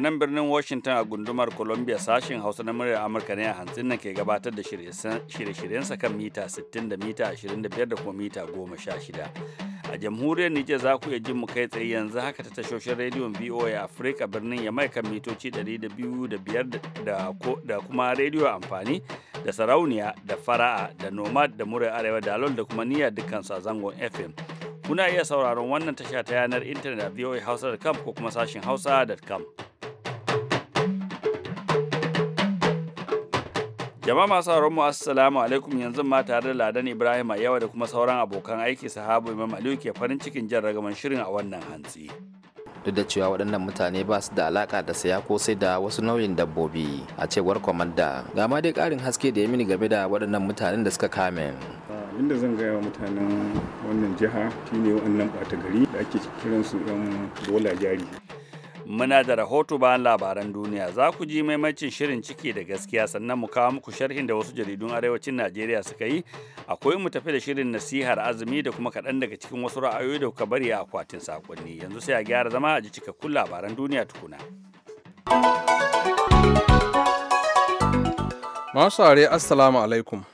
nan birnin washington a gundumar columbia sashen hausa na muryar amurka ne a hantsin nan ke gabatar da shirye-shiryensa kan mita 60 da mita 25 da kuma mita 16 a jamhuriyar nijar za ku iya jin mu kai tsaye yanzu haka ta tashoshin rediyon voa africa birnin yamai kan mitoci 205 da kuma rediyo amfani da sarauniya da fara'a da nomad da muryar arewa da alol da kuma niyya dukkan sa zangon fm kuna iya sauraron wannan tasha ta yanar intanet a voahausa.com ko kuma sashin hausa.com. Jama'a masu sauran mu assalamu alaikum yanzu ma tare da Ladan Ibrahim yawa da kuma sauran abokan aiki sahabu Imam Aliyu ke farin cikin jan ragaman shirin a wannan hantsi. Duk da cewa waɗannan mutane ba su da alaka da saya ko sai da wasu nauyin dabbobi a cewar kwamanda. gama dai ƙarin haske da ya mini game da waɗannan mutanen da suka kame. abinda zan gaya wa mutanen wannan jiha shine wannan ɓata gari da ake kiransu 'yan bola jari Muna da rahoto bayan labaran duniya za ku ji maimacin shirin ciki da gaskiya sannan mu kawo muku sharhin da wasu jaridun arewacin Najeriya suka yi akwai mu tafi da shirin nasihar azumi da kuma kaɗan daga cikin wasu ra'ayoyi da kuka bari a akwatin sakonni yanzu sai a gyara zama a ji cikakkun labaran duniya tukuna. Masu are assalamu alaikum.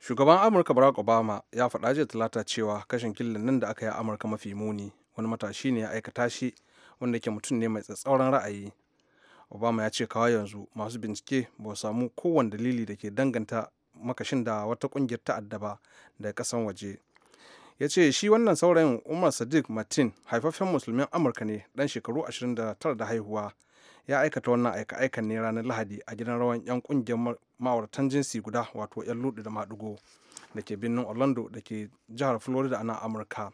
Shugaban Amurka Barack Obama ya faɗa jiya talata cewa kashin killin nan da aka yi a Amurka mafi muni wani matashi ne ya aikata shi wanda ke mutum ne mai tsatsauran ra'ayi obama ya ce kawai yanzu masu bincike ba samu kowane dalili da ke danganta makashin da wata kungiyar ta'adda ba da kasan waje ya ce shi wannan saurayin umar sadiq martin haifafen musulmin amurka ne dan shekaru 29 da haihuwa ya aikata wannan aika-aikan ne ranar lahadi a gidan rawan 'yan kungiyar ma'auratan jinsi guda wato 'yan ludu da madugo da ke birnin orlando da ke jihar florida a nan amurka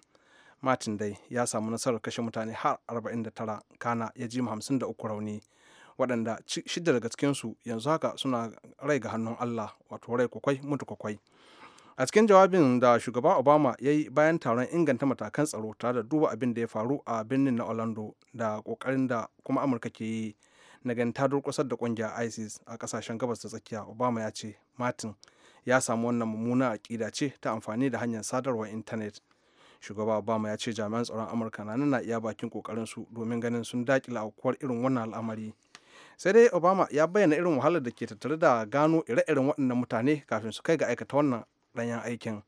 martin dai ya samu nasarar kashe mutane har 49 kana ya ji da 53 rauni waɗanda shida daga cikinsu yanzu haka suna rai ga hannun allah wato rai kwakwai mutu kwakwai a cikin jawabin da shugaba obama ya yi bayan taron inganta matakan tsaro tare da duba abin da ya faru a birnin na orlando da kokarin da kuma amurka ke yi na ganin ta durkusar da kungiyar isis a kasashen gabas da tsakiya obama ya ce martin ya samu wannan mummuna aƙida ce ta amfani da hanyar sadarwar intanet shugaba obama ya ce jami'an tsaron amurka na nuna iya bakin kokarin su domin ganin sun dakile aukuwar irin wannan al'amari sai dai obama ya bayyana irin wahalar da ke tattare da gano ire-iren waɗannan mutane kafin su kai ga aikata wannan ɗanyen aikin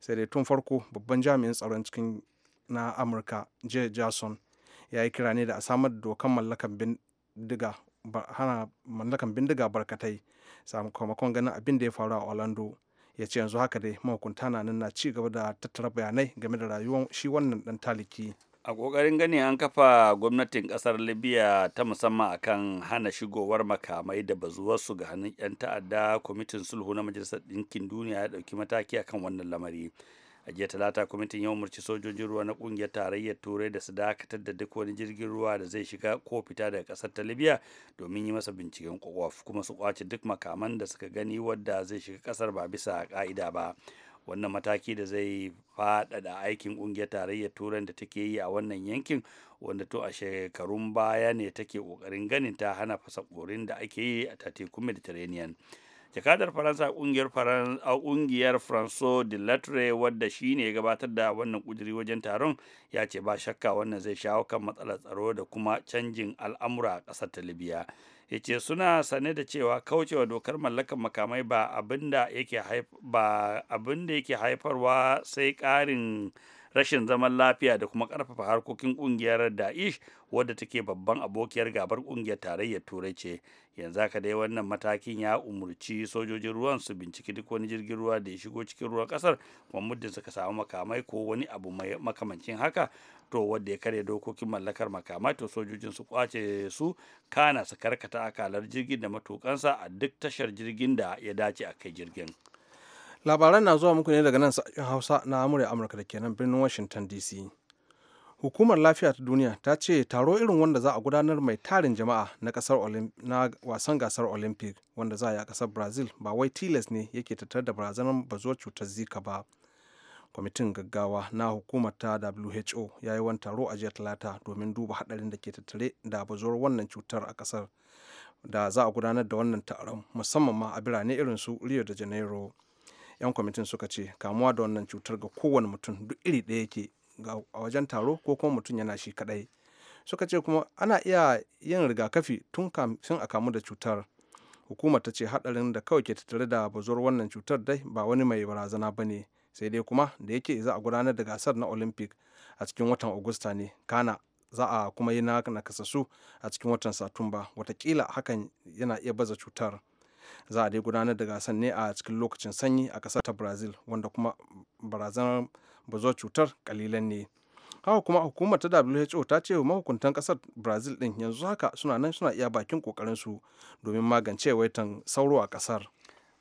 sai dai tun farko babban jami'in tsaron cikin na amurka jay jason ya yi kira ne da a samar da dokan mallakan bindiga hana mallakan bindiga barkatai sakamakon ganin abin da ya faru a orlando ya ce yanzu haka dai mahukunta na nan na ci gaba da tattara bayanai game da rayuwar shi wannan dan taliki a kokarin gani an kafa gwamnatin kasar libya ta musamman akan hana shigowar makamai da bazuwarsu ga hannun 'yan ta'adda kwamitin sulhu na majalisar ɗinkin duniya ya ɗauki mataki akan wannan lamari a jiya talata kwamitin ya umarci sojojin ruwa na kungiyar tarayyar turai da su dakatar da duk wani jirgin ruwa da zai shiga ko fita daga kasar ta libya domin yi masa binciken kwakwaf kuma su kwace duk makaman da suka gani wadda zai shiga kasar ba bisa ka'ida ba wannan mataki da zai faɗaɗa aikin ƙungiyar tarayyar turai da take yi a wannan yankin wanda to a shekarun baya ne take ƙoƙarin ganin ta hana fasa ƙorin da ake yi a tekun mediterranean jakadar faransa kungiyar kungiyar franco de latre wadda shine ya gabatar da wannan kuduri wajen taron ya ce ba shakka wannan zai shawo kan matsalar tsaro da kuma canjin al'amura a ƙasar ta libya ya ce suna sane da cewa kaucewa dokar mallakar makamai ba abin da yake haifarwa sai ƙarin rashin zaman lafiya da kuma ƙarfafa harkokin ƙungiyar da'ish wadda take babban abokiyar gabar ƙungiyar tarayyar turai ce yanzu haka dai wannan matakin ya umurci sojojin ruwan su binciki duk wani jirgin ruwa da ya shigo cikin ruwan kasar kuma muddin suka samu makamai ko wani abu makamancin haka to wadda ya karya dokokin mallakar makamai to sojojin su kwace su kana su karkata akalar jirgin da matukansa a duk tashar jirgin da ya dace a kai jirgin labaran na zuwa muku ne daga nan sashen hausa na amurya amurka da kenan birnin washington dc hukumar lafiya ta duniya ta ce taro irin wanda za a gudanar mai tarin jama'a na kasar na wasan gasar olympic wanda za a yi a kasar brazil ba wai tilas ne yake tattar da barazanar bazuwar cutar zika ba kwamitin gaggawa na hukumar ta who ya yi wani taro a jiya talata domin duba hadarin da ke tattare da bazuwar wannan cutar a kasar da za a gudanar da wannan taron musamman ma a birane irin su rio de janeiro 'yan kwamitin suka ce kamuwa da wannan cutar ga kowane mutum duk iri ɗaya yake a wajen taro ko kuma mutum yana shi kaɗai suka ce kuma ana iya yin rigakafi tun kafin a kamu da cutar hukumar ta ce hadarin da kawai ke tattare da bazuwar wannan cutar dai ba wani mai barazana ba ne sai dai kuma da yake za a gudanar da gasar na olympic a cikin watan augusta ne kana za a kuma yi na nakasassu a cikin watan satumba watakila hakan yana iya baza cutar za a dai gudanar da gasar ne a cikin lokacin sanyi a kasar ta brazil wanda kuma barazanar bazuwar cutar kalilan ne haka kuma hukumar ta who ta ce mahukuntan kasar brazil din yanzu haka suna nan suna iya bakin kokarin domin magance waitan sauro a kasar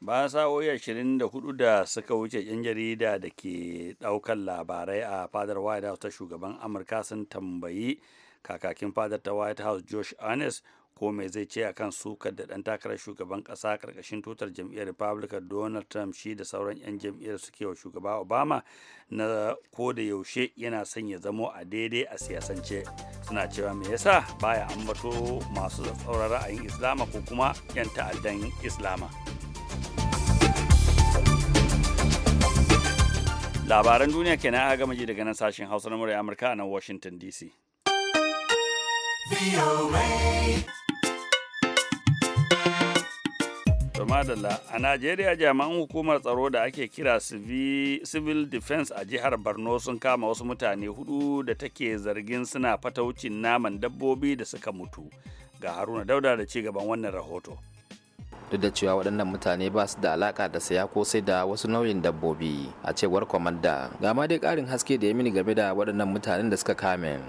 bayan sa'o'i ashirin da hudu da suka wuce yan jarida da ke daukan labarai a fadar white house ta shugaban amurka sun tambayi kakakin fadar ta white house josh arnes ko mai zai ce akan sukar da ɗan takarar shugaban ƙasa ƙarƙashin tutar jam'iyyar republican donald trump shi da sauran 'yan jam'iyyar suke wa shugaba obama na ko da yaushe yana son ya zamo a daidai a siyasance suna cewa me yasa baya ambato masu tsauran ra'ayin islama ko kuma 'yan ta'addan islama labaran duniya kenan aka gama ji daga nan sashen hausa na murya amurka a nan washington dc To madalla a Najeriya jami'an hukumar tsaro da ake kira Civil Defense a jihar Borno sun kama wasu mutane hudu da take zargin suna fataucin naman dabbobi da suka mutu. Ga Haruna Dauda da ci gaban wannan rahoto. duk da cewa waɗannan mutane ba su da alaƙa da saya ko sai da wasu nauyin dabbobi a cewar kwamanda gama dai ƙarin haske da ya mini game da waɗannan mutanen da suka kame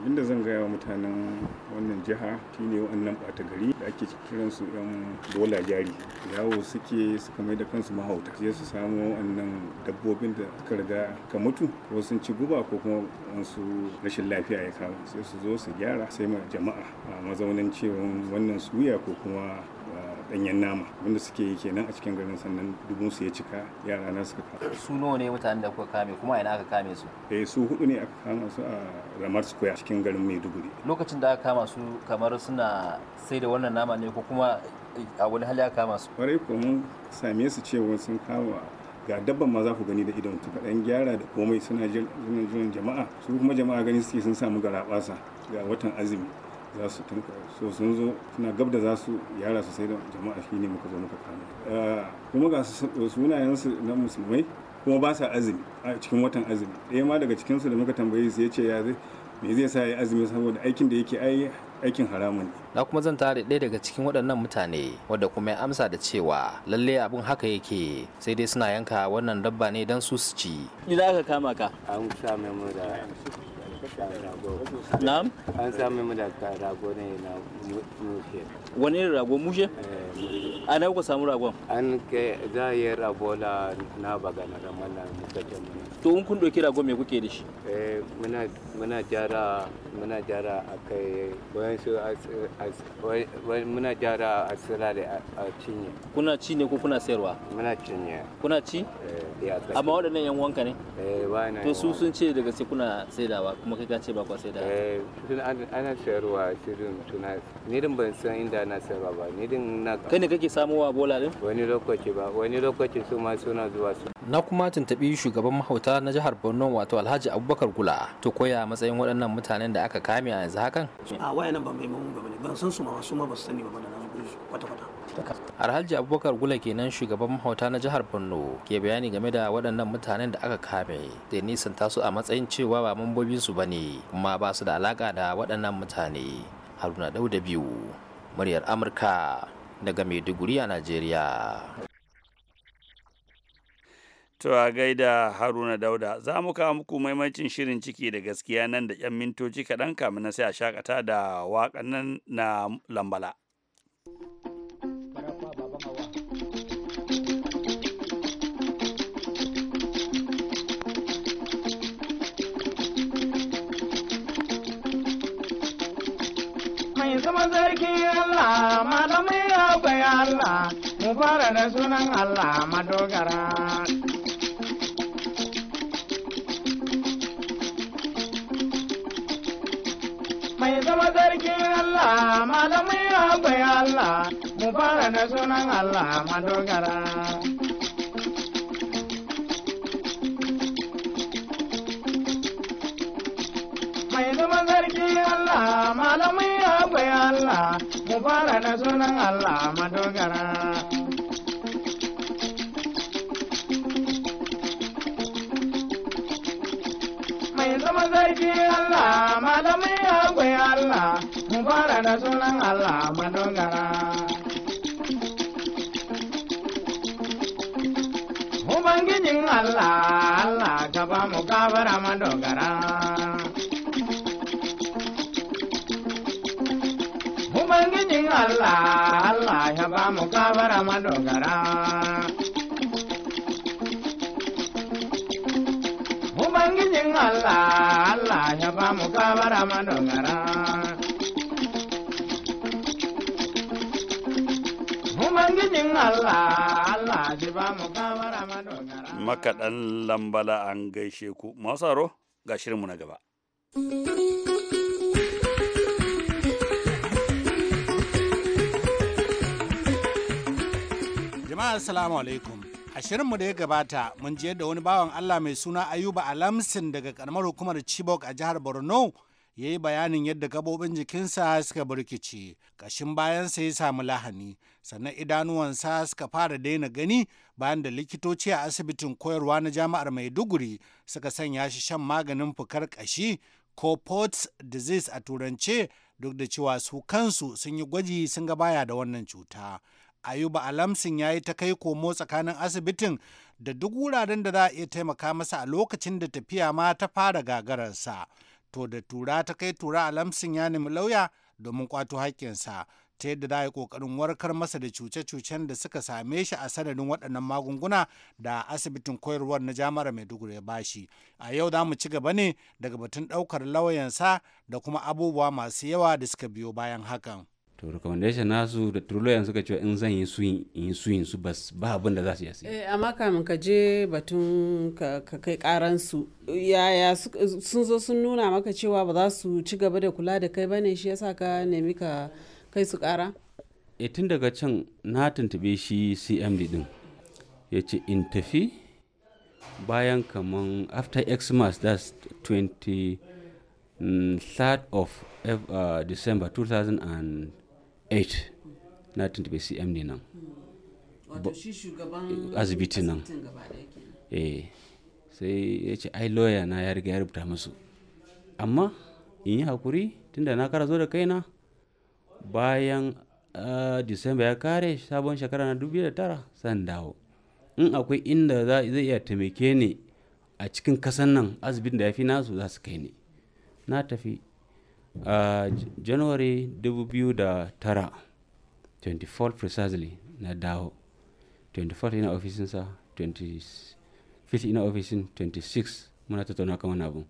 abin da zan gaya wa mutanen wannan jiha shi ne wannan bata gari da ake su yan dola jari yawo suke suka mai da kansu mahauta sai su samu wannan dabbobin da suka riga ka mutu ko sun ci guba ko kuma wasu rashin lafiya ya kawo sai su zo su gyara sai ma jama'a a mazaunin cewa wannan suya ko kuma danyen nama wanda suke yi kenan a cikin garin sannan dubun su ya cika yara na suka kama su nawa ne mutanen da kuka kame kuma ina aka kame su eh su hudu ne aka kama su a Ramar Square cikin garin Maiduguri lokacin da aka kama su kamar suna sai da wannan nama ne ko kuma a wani hali aka kama su kwarai ko mun same su cewa sun kama ga dabban maza ku gani da idon ta kaɗan gyara da komai suna jiran jama'a su kuma jama'a gani suke sun samu garaɓasa ga watan azumi za su tunka so sun zo suna gab da za su yara su sai da jama'a shi ne muka zo muka kama eh, kuma ga sunayensu na musulmai kuma ba sa azumi a cikin watan azumi ɗaya ma daga cikinsu da muka tambaye su ya ce ya zai me zai sa ya azumi saboda aikin da yake ai aikin haramun na kuma zan tare ɗaya daga cikin waɗannan mutane wadda kuma ya amsa da cewa lalle abun haka yake sai dai suna yanka wannan dabba ne don su su ci ni za kama ka an sha mai da na'am an sami mu da rago ne na mushe wani irin rago mushe eh, a na kuka samu ragon an ke a yi rago na baga na ramana muka jami'a to in kun ɗauki rago me kuke da shi eh, muna jara muna jara a kai muna jara a sira da a cinye kuna ci ne ko kuna sayarwa muna cinye kuna ci eh, amma waɗannan yan wanka ne eh, to su sun ce daga sai kuna saidawa kuma kai ka ce ba kwa saidawa ana sayarwa shirin tuna ni din ban san inda ana sayarwa ba ni din na kai ne kake samowa bola din wani lokaci ba wani lokaci su ma suna zuwa su na kuma tuntabi shugaban mahauta na jihar borno wato alhaji abubakar gula to koya matsayin waɗannan mutanen da aka kame a yanzu hakan a wayannan ban mamu ba ne ban san su ma su ma ba su sani ba na kwata-kwata alhaji abubakar gula kenan shugaban mahauta na jihar borno ke bayani game da waɗannan mutanen da aka kame da nisan tasu a matsayin cewa ba mambobin su bane kuma ba su da alaka da waɗannan mutane haruna dauda biyu muryar amurka daga maiduguri a najeriya To a gaida Haruna Dauda, za mu kawo muku maimacin shirin ciki da gaskiya nan da 'yan mintoci kaɗan kamin na sai a shakata da waƙan nan na lambala. Mai zama zargin Allah, malamai akwai Allah, mu fara da sunan Allah madogara. zama sarkin Allah malamai akwai Allah mu fara da sunan Allah madogara. Mai zama sarkin Allah malamai akwai Allah mu fara da sunan Allah madogara. Mai zama sarkin Allah malamai da sunan Allah madogara. Ubangijin Allah, Allah ka ba mu gabara madogara. Ubangijin Allah, Allah ya ba mu gabara madogara. Ubangijin Allah, Allah ya ba mu gabara madogara. Ubangijin Allah, Allah Makaɗan lambala an gaishe ku. Masu ga shirinmu na gaba. Jama'a salamu alaikum. A shirinmu da ya gabata mun je da wani bawan Allah mai suna Ayuba Alamsin daga karamar hukumar Chibok a jihar Borno ya yi bayanin yadda gabobin jikinsa suka burkice ƙashin bayansa ya samu lahani sannan idanuwansa suka fara daina gani bayan da likitoci a asibitin koyarwa na jami'ar maiduguri suka sanya shi shan maganin fukar ƙashi ko pots disease a turance duk da cewa su kansu sun yi gwaji sun ga baya da wannan cuta. Ayuba Alamsin ya yi ta kai komo tsakanin asibitin da duk wuraren da za a iya taimaka masa a lokacin da tafiya ma ta fara gagararsa. to da tura ta kai tura a lamsin ya nemi lauya domin kwato haƙƙinsa ta yadda za a yi ƙoƙarin warkar masa da cuce-cucen da suka same shi a sanadin waɗannan magunguna da asibitin koyarwar na jami'ar maiduguri ya bashi a yau za mu ci gaba ne daga batun ɗaukar lauyansa da kuma abubuwa masu yawa da suka biyo bayan hakan. to recommendation nasu da turloyan suka cewa in zan yi su yin su yin su bas ba abin da za su yi eh amma kamin ka je batun ka kai karan su yaya sun zo sun nuna maka cewa ba za su ci gaba da kula da kai bane shi yasa ka nemi ka kai su kara e eh, tun daga can na tuntube shi CMD din yace in tafi bayan kaman after xmas that's 23rd mm, of uh, december 2000 8 na tuntube cm ne nan asibiti nan eh sai ya ce ai lawyer na ya riga ya rubuta musu amma in yi hakuri tunda na kara zo da kaina bayan ah, disamba ya kare sabon shekara na tara san dawo in akwai inda zai iya taimake ni a cikin kasan nan asibitin da ya fi nasu za su kai ni na tafi a january 2009 24 precisely na dawo 24 ina sa 25 ina ofisin 26 muna tattauna kan wani abu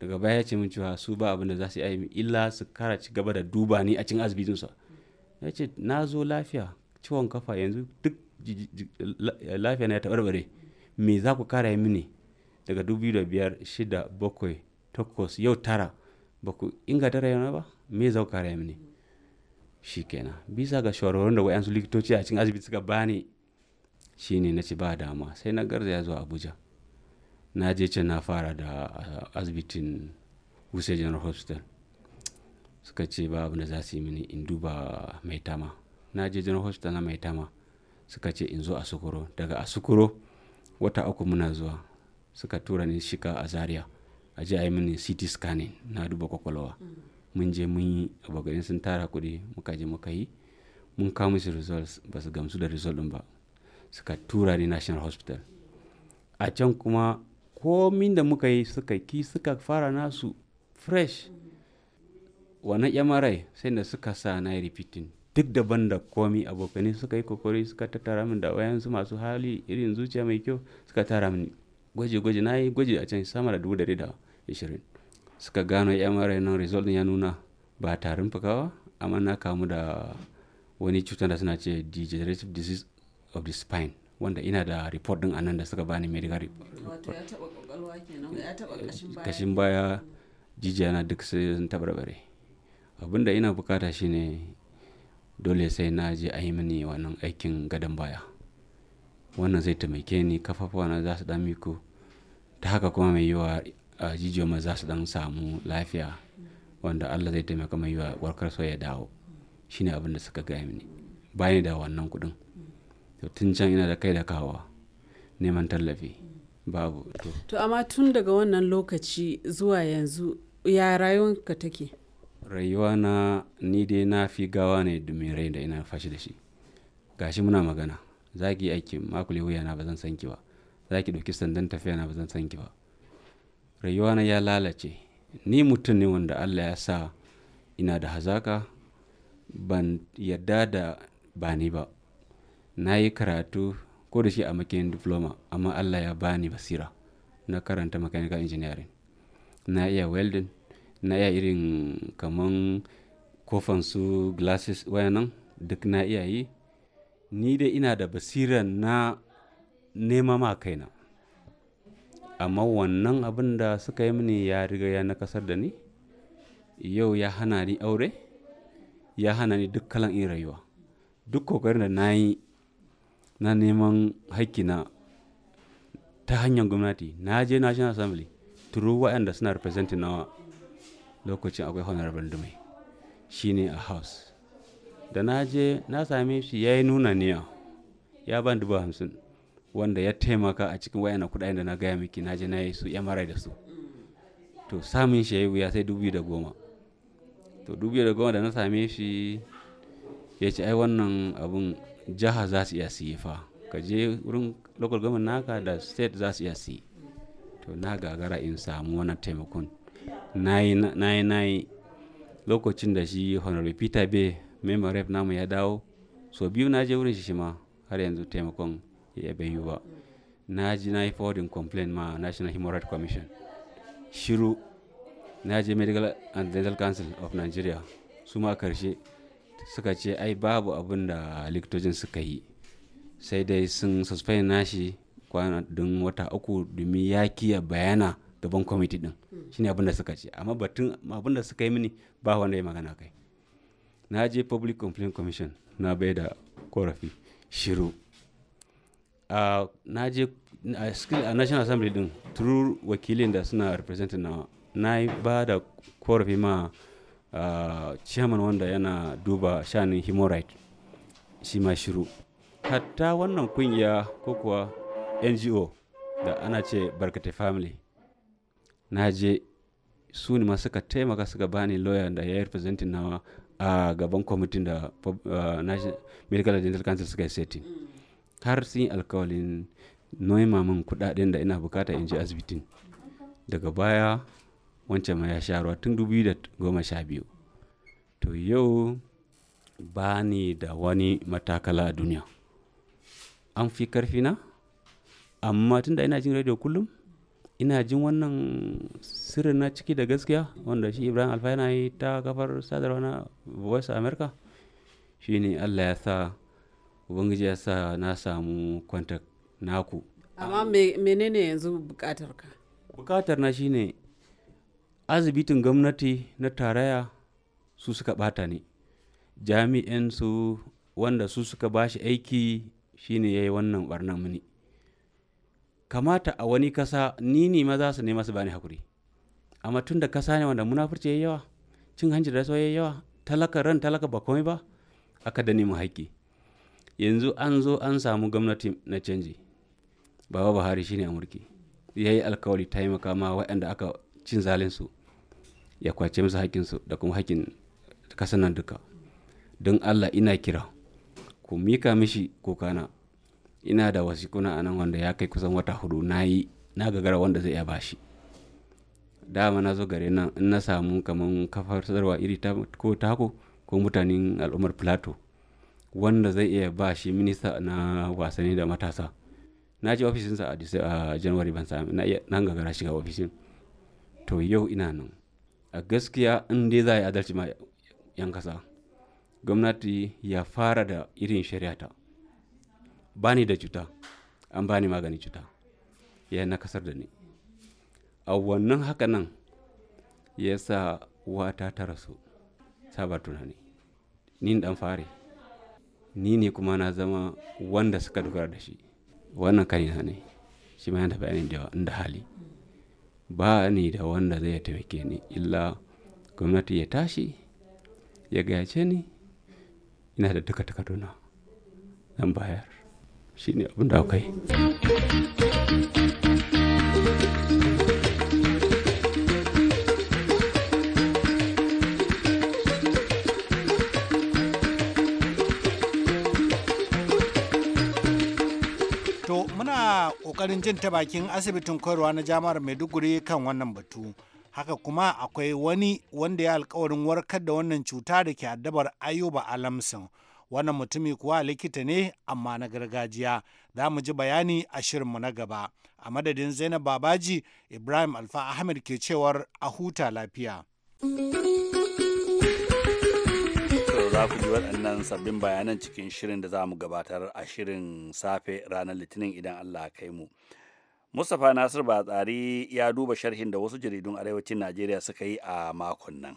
daga baya ya ce min cewa su ba abin da za su yi aimi illa su kara ci gaba da duba ni a cin cikin sa ya ce na zo lafiya ciwon kafa yanzu duk lafiya na ya tabarbare me za ku kara yi mini daga 2005 6 7 8 yau tara baku inganta rayuwa ba me za ku mini shikenan bisa ga shawarwarin da wayansu likitoci a cikin asibiti suka bani shine na ci ba dama sai na garzaya zuwa abuja na je can na fara da ah, asibitin wuse general hospital suka ce ba abu da za su yi mini in duba mai tama na je general hospital na mai tama suka ce in zo a sukuro daga a sukuro wata uku muna zuwa suka tura ni shika a zaria a ji a yi mini ct scanning na duba kwakwalwa mun je mun yi abokanai sun tara kuɗi muka je muka yi mun kawo musu results ba su gamsu da result ɗin ba suka tura ni national hospital a can kuma komin da muka yi suka ki suka fara nasu fresh wani mri sai da suka sa na repeating duk daban da komi abokanai suka yi kokori suka tattara min da wayansu masu hali irin zuciya mai kyau suka tara min gwaje-gwaje na yi gwaje a can sama da dubu da 20 suka gano mri nan result ya nuna ba tarin fukawa amma na kamu da wani cutar da suna ce degenerative disease of the spine wanda ina da report din anan da suka bani medical report ya taba kwakwalwa kenan ya taba kashin baya kashin baya jijiya na duk sai sun tabarbare abin da ina bukata shine dole sai na je a yi mini wannan aikin gadon baya wannan zai taimake ni kafafuwa na za su dan miko ta haka kuma mai yiwa jijiyoyin za su dan samu lafiya wanda allah zai taimaka mai wa warkar so ya dawo shine abin da suka gaya mini bayan da wannan kudin to tun can ina da kai da kawa neman tallafi babu to amma tun daga wannan lokaci zuwa yanzu ya rayuwarka take rayuwa na ni dai na fi gawa ne domin rai da ina fashi da shi gashi muna magana za ki yi aiki makule wuya na ba zan san ba zaki ki ɗauki sandan tafiya na ba zan san ki ba Rayuwa na ya lalace ni mutum ne wanda allah ya sa ina da hazaka ban yadda da bani ba na yi karatu ko da shi a makin diploma amma allah ya bani basira na karanta mechanical engineering na iya welding na iya irin kaman kofan su glasses wayanan duk na iya yi ni dai ina da basiran na nema ma kaina amma wannan abin da suka yi mini ya riga ya nakasar da ni yau ya hana ni aure ya hana ni duk kalan in rayuwa duk kokarin da na yi na neman haƙƙina ta hanyar gwamnati na je national assembly turu waɗanda suna representing nawa lokacin akwai honorable dume ne a house da na je na same shi ya yi nuna niya ya ban dubu hamsin wanda ya taimaka a cikin wayana kudaden da na gaya miki na je na yi su mara da su to samun shi ya yi wuya sai dubu da goma to dubu da goma da na same shi ya ce ai wannan abun jiha za su iya siye fa ka je wurin local government naka da state za su iya siye to na gagara in samu wannan taimakon na yi na yi lokacin da shi honorable peter bay member rep namu ya dawo so biyu na je wurin shi ma har yanzu taimakon Eh, bai bayu ba na ji na yi forwarding complaint ma national human rights commission shiru na je medical and dental council of nigeria su ma karshe suka ce ai babu abin da likitocin suka yi sai dai sun suspend nashi kwana don wata uku domin ya kiya bayana gaban kwamiti din shine abin da suka ce amma batun abin da suka yi mini ba wanda ya magana kai na je public complaint commission na bai da korafi shiru Ah, na je a national assembly din turu wakilin da suna representing na na ba da korafi ma ah, chairman wanda yana duba shanin human right shi ma shiru hatta wannan kungiya ko kuwa ngo da ana ce barkatai family na je su ne masu ka taimaka suka bani lawyer da ya yi representing nawa a gaban kwamitin da ah, medical dental council suka yi setting har sun yi alkawalin noima min kudaden da ina bukata in ji asibitin daga baya wancan ma ya sha ruwa tun biyu to yau ba ni da wani matakala a duniya an fi na amma tun da ina jin radio kullum ina jin wannan sirrin na ciki da gaskiya wanda shi ibrahim alfa yana yi ta kafar sadarwa na voice america shi ne allah ya sa ubangiji ya sa na samu kwanta naku amma menene yanzu bukatar ka bukatar na shine azibitin gwamnati na taraya su suka bata ne jami'in su wanda su suka bashi aiki shine ya yi wannan barnan mini kamata a wani kasa ni ne maza su nema su bani hakuri amma tun da kasa ne wanda munafurci ya yawa cin hanci da rasuwa ya yawa talaka ran talaka ba komai ba aka da nemi haƙƙi yanzu an zo an samu gwamnati na canji baba buhari shine a mulki ya yi alkawari taimaka ma waɗanda aka cin zalinsu ya kwace musu haƙƙinsu da kuma haƙƙin kasan nan duka don allah ina kira ku mika mishi na ina da wasikuna a nan wanda ya kai kusan wata hudu na yi na gagara wanda zai iya bashi dama na zo gare nan in na samu kamar kafar sadarwa iri ta ko tako ko mutanen al'ummar plateau wanda zai iya ba shi minista na wasanni da matasa na je ofishinsa a january ban sami na iya nan gagara shiga ofishin to yau ina nan a gaskiya in dai za a yi adalci ma yan kasa gwamnati ya fara da irin shari'ata bani da cuta an bani magani cuta ya na kasar da ni a wannan haka nan ya sa wata ta rasu sabar tunani ni dan fare ni ne kuma na zama wanda suka dogara da shi wannan kanina ne shi ma yana bayanin da hali ba ni da wanda zai taimake ni illa gwamnati ya tashi ya gayace ni ina da duka takarduna dan bayar shi ne abin da kokarin jin ta bakin asibitin koyarwa na jami'ar maiduguri kan wannan batu haka kuma akwai wani wanda ya alkawarin warkar da wannan cuta da ke addabar ayuba alamsin wannan mutumi kuwa likita ne amma na gargajiya za mu ji bayani a shirinmu na gaba a madadin zainab babaji ibrahim alfa ahmed ke cewar a huta lafiya. to za ku ji waɗannan sabbin bayanan cikin shirin da za mu gabatar a shirin safe ranar litinin idan allah kai mu mustapha nasir batsari ya duba sharhin da wasu jaridun arewacin najeriya suka yi a makon nan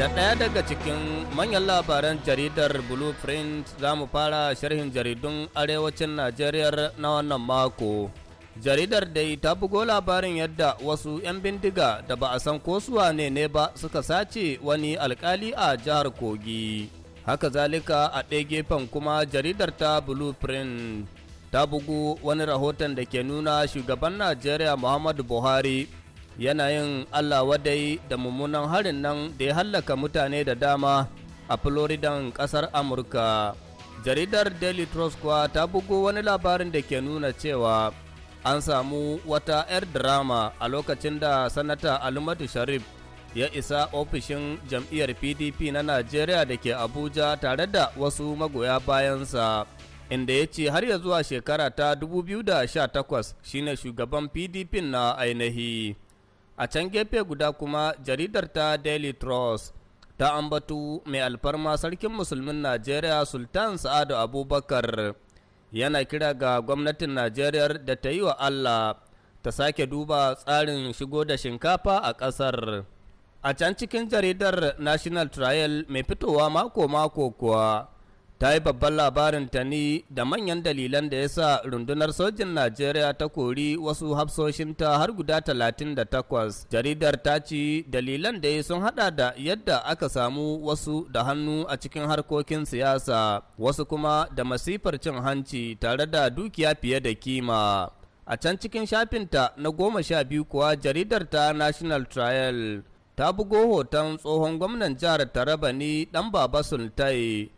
Da ɗaya daga cikin manyan labaran jaridar Blueprint za mu fara sharhin jaridun arewacin Najeriya na wannan mako. jaridar dai ta bugo labarin yadda wasu 'yan bindiga da ba a san ko ne ne ba suka sace wani alkali a jihar kogi haka zalika a ɗaya gefen kuma jaridar ta blueprint ta bugu wani rahoton da ke nuna shugaban najeriya muhammadu buhari yanayin allah wadai da mummunan harin nan da ya hallaka mutane da dama a floridan ƙasar amurka jaridar daily trust kuwa ta bugu wani labarin da ke nuna cewa an samu wata 'yar drama a lokacin da sanata alimatu sharif ya isa ofishin jam'iyyar pdp na najeriya da ke abuja tare da wasu magoya bayansa inda ya ce har ya zuwa shekara ta 2018 shine shugaban pdp na ainihi a can gefe guda kuma jaridar ta daily trust ta ambatu mai alfarma sarkin musulmin najeriya sultan sa'adu abubakar yana kira ga gwamnatin Najeriya da ta yi wa Allah ta sake duba tsarin shigo da shinkafa a ƙasar. A can cikin jaridar National Trial mai fitowa mako-mako kuwa ta yi babban labarin ta ni da manyan dalilan da ya sa rundunar sojin Najeriya ta kori wasu hafsoshin ta har guda 38. Jaridar ta ci dalilan da ya sun hada da yadda aka samu wasu da hannu a cikin harkokin siyasa, wasu kuma da masifar cin hanci tare da dukiya fiye da kima. A can cikin shafinta na goma sha biyu kuwa jaridar ta National Trial ta bugo hoton tsohon gwamnan jihar Taraba ne ɗan Baba Sultai.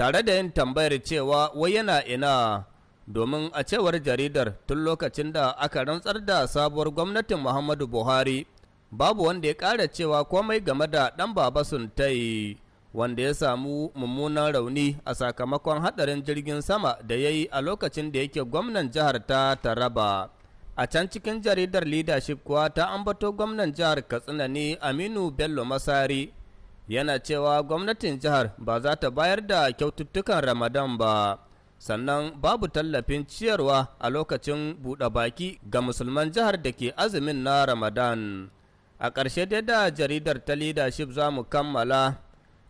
tare da yin tambayar cewa wai yana ina domin a cewar jaridar tun lokacin da aka rantsar da sabuwar gwamnatin Muhammadu Buhari babu wanda ya ƙara cewa komai game da ɗan baba Suntai wanda ya samu mummunan rauni a sakamakon haɗarin jirgin sama da ya yi a lokacin da yake gwamnan jihar ta Taraba. A can cikin jaridar leadership kuwa ta ambato gwamnan jihar Katsina ne Aminu Bello Masari yana cewa gwamnatin jihar ba za ta bayar da kyaututtukan Ramadan ba. Sannan babu tallafin ciyarwa a lokacin buɗe baki ga musulman jihar da ke azumin na Ramadan. A ƙarshe dai da jaridar ta leadership za mu kammala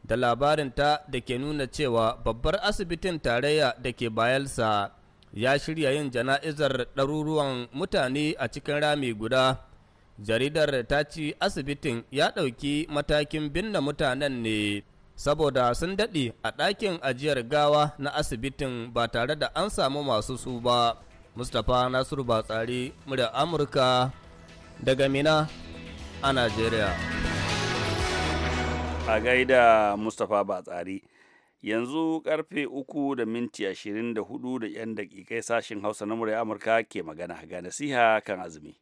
da labarin ta da ke nuna cewa babbar asibitin tarayya da ke bayelsa ya shirya yin jana'izar ɗaruruwan mutane a cikin rami guda. jaridar ta ci asibitin ya ɗauki matakin binne mutanen ne saboda sun daɗe a ɗakin ajiyar gawa na asibitin ba tare da an samu masu su ba mustapha nasiru batsari murya amurka daga mina a nigeria. a gaida mustapha batsari yanzu karfe uku da minti ashirin da hudu yan daƙiƙai sashen hausa na murya amurka ke magana ga nasiha kan azumi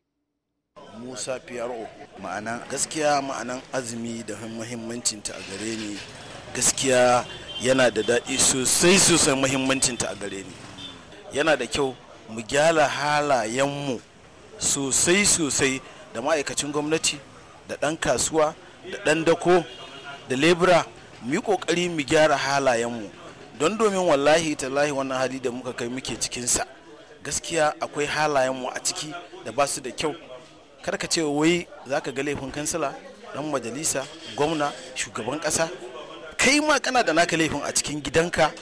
Musa piyaro ma'ana gaskiya ma'anan azumi da muhimmancinta a gare ni gaskiya yana da daɗi sosai sosai muhimmancinta a gare ni yana da kyau mu gyara halayenmu sosai sosai da ma'aikacin gwamnati da ɗan kasuwa da ɗan dako da lebura mu yi ƙoƙari mu gyara halayenmu don domin wallahi tallahi wannan hali da muka kai muke cikinsa gaskiya akwai halayenmu a ciki da ba su da kyau kar ka ce wai za ka ga laifin kansila dan majalisa gwamna shugaban ƙasa kai ma kana da naka laifin a cikin gidanka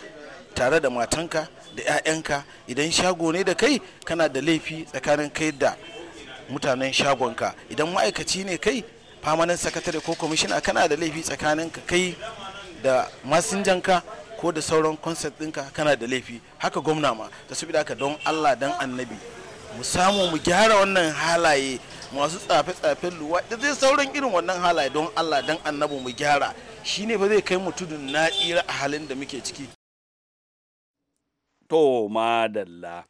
tare da matanka da 'ya'yanka idan shago ne da kai kana da laifi tsakanin kai da mutanen shagonka idan ma'aikaci ne kai famanin sakatare ko kwamishina kana da laifi tsakanin kai da masinjanka ko da sauran konsert ɗinka kana da laifi haka gwamna ma ta su don allah don annabi mu samu mu gyara wannan halaye masu tsafe-tsafen luwa da zai sauran irin wannan halaye don Allah don annabu mu gyara shine fa zai kai mu tudun na tsira a halin da muke ciki to madalla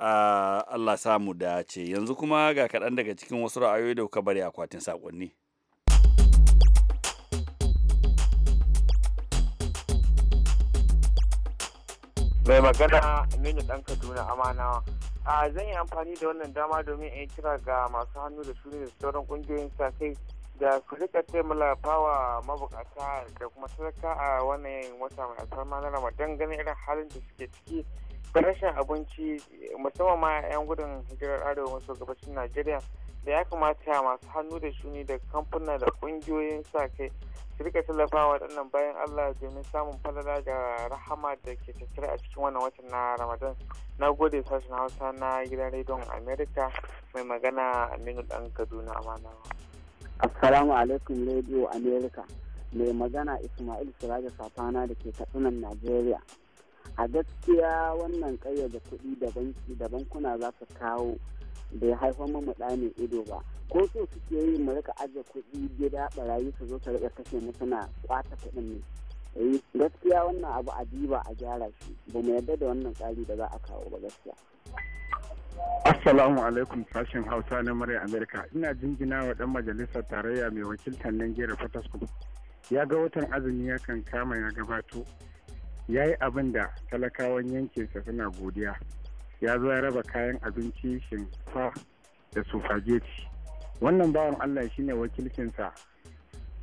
ah, Allah samu dace yanzu kuma ga kaɗan daga cikin wasu ra'ayoyi da kuka bari akwatin saƙonni. mai magana ne ɗan kaduna amanawa a zan yi amfani da wannan dama domin in kira ga masu hannu da su da sauran kungiyoyin sa kai da su rika taimaka wa mabukata da kuma sadaka a wannan wata mai alfarma na ramadan ganin irin halin da suke ciki da rashin abinci musamman ma 'yan gudun hijirar arewa maso gabashin najeriya da ya kamata masu hannu da shuni da kamfuna da kungiyoyin sa kai su rika tallafa waɗannan bayan Allah domin samun falala da rahama da ke tattare a cikin wannan watan na Ramadan. Na gode sashen Hausa na gidan rediyon Amerika mai magana Aminu Dan Kaduna Amana. Assalamu alaikum Radio America mai magana Ismail Siraja Safana da ke Katsinan Najeriya. A gaskiya wannan kayyade kuɗi da bankuna za su kawo bai haifar mu da mai ido ba ko so suke yi mu rika aje kuɗi gida barayi su zo su rika kashe mu suna kwata kuɗin ne eh, gaskiya wannan abu a diba a gyara shi ba mu yadda da wannan tsari da za a kawo ba gaskiya Assalamu alaikum sashen Hausa na murya Amerika. Ina jingina wa ɗan majalisar tarayya mai wakiltar Nigeria Fatasku. Ya ga watan azumi ya kan kama ya gabato. Ya yi abin da talakawan yankinsa suna godiya. ya zo ya raba kayan abinci shinkafa da sufageti wannan bawan allah shine wakilcinsa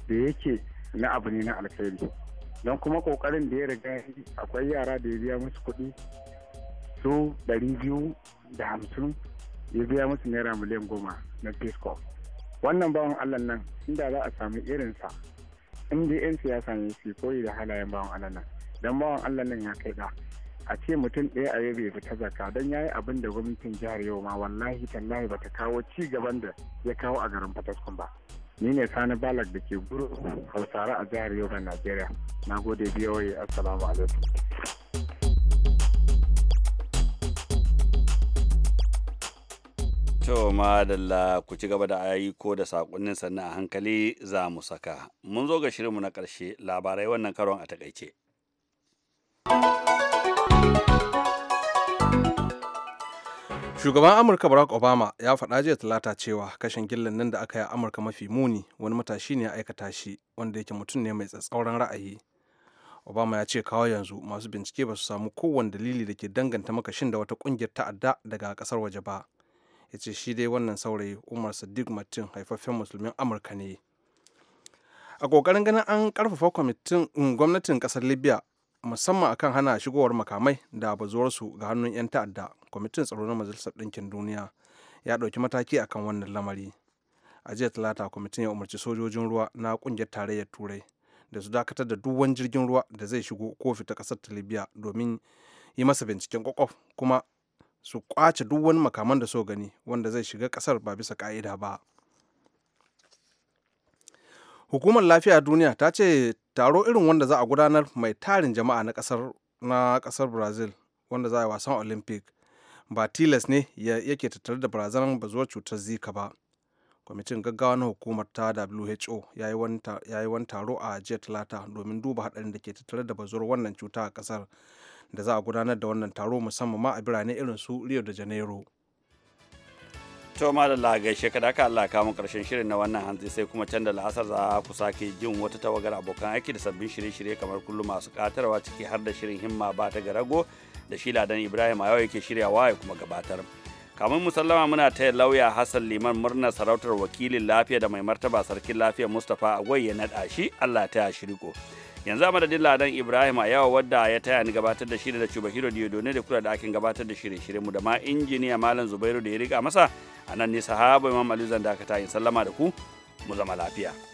da yake na abu ne na alkhairi don kuma kokarin da ya riga akwai yara da ya biya musu kuɗi su ɗari biyu da hamsin ya biya musu naira miliyan goma na pisco wannan bawan allah nan inda za a samu irinsa inda 'yan siyasa ne su koyi da halayen bawan allah nan don bawan allah nan ya kai da a ce mutum ɗaya a yau bai fita zaka don yayi abin da gwamnatin jihar yau ma wallahi tallahi bata kawo ci gaban da ya kawo a garin fataskun ba ni ne sani balak da ke guru hausare a jihar yau najeriya na gode biyoyi assalamu alaikum To madalla ku ci gaba da ayi ko da sakonnin sannan a hankali za mu saka. Mun zo ga shirinmu na ƙarshe labarai wannan karon a takaice. shugaban amurka barack obama ya faɗa jiya talata cewa kashin gillan nan da aka yi a amurka mafi muni wani matashi ne ya aikata shi wanda yake mutum ne mai tsatsauran ra'ayi obama ya ce kawo yanzu masu bincike ba su samu kowane dalili da ke danganta makashin da wata kungiyar ta'adda daga kasar waje ba ya ce shi dai wannan saurayi umar sadiq martin haifaffen musulmin amurka ne a kokarin ganin an karfafa kwamitin mm, gwamnatin ƙasar libya musamman akan hana shigowar makamai da bazuwarsu ga hannun 'yan ta'adda kwamitin tsaro na majalisar ɗinkin duniya ya ɗauki mataki akan wannan lamari a jiya talata kwamitin ya umarci sojojin ruwa na ƙungiyar tarayyar turai da su dakatar da duk wani jirgin ruwa da zai shigo ko fita ƙasar ta domin yi masa binciken kwakwaf kuma su kwace duk wani makaman da so gani wanda zai shiga ƙasar ba bisa ka'ida ba hukumar lafiya duniya ta ce taro irin wanda za a gudanar mai tarin jama'a na kasar na kasar brazil wanda za a yi wasan olympic ba tilas ne yake tattare da barazanar bazuwar cutar zika ba kwamitin gaggawa na hukumar ta who ya yi wani taro a jiya talata domin duba haɗarin da ke tattare da bazuwar wannan cuta a kasar da za a gudanar da wannan taro musamman ma a birane irin su rio de janeiro to malalla gaishe ka da Allah kawo karshen shirin na wannan hanzi sai kuma can da la'asar za ku sake jin wata tawagar abokan aiki da sabbin shirye-shirye kamar kullum masu katarwa ciki har da shirin himma ba ta garago da shi ladan Ibrahim a yau yake shiryawa ya kuma gabatar. kamun musallama muna taya lauya hassan liman murna sarautar wakilin lafiya da mai martaba sarkin lafiya mustapha agwai ya naɗa shi allah ta shiriko yanzu a madadin ladan ibrahim a yawa wadda ya taya ni gabatar da shirin da cuba hiro ne da kula da akin gabatar da shirye shirye mu da ma injiniya malam zubairu da ya riga masa a nan ne sahaba imam aliyu zan dakata in sallama da ku mu zama lafiya.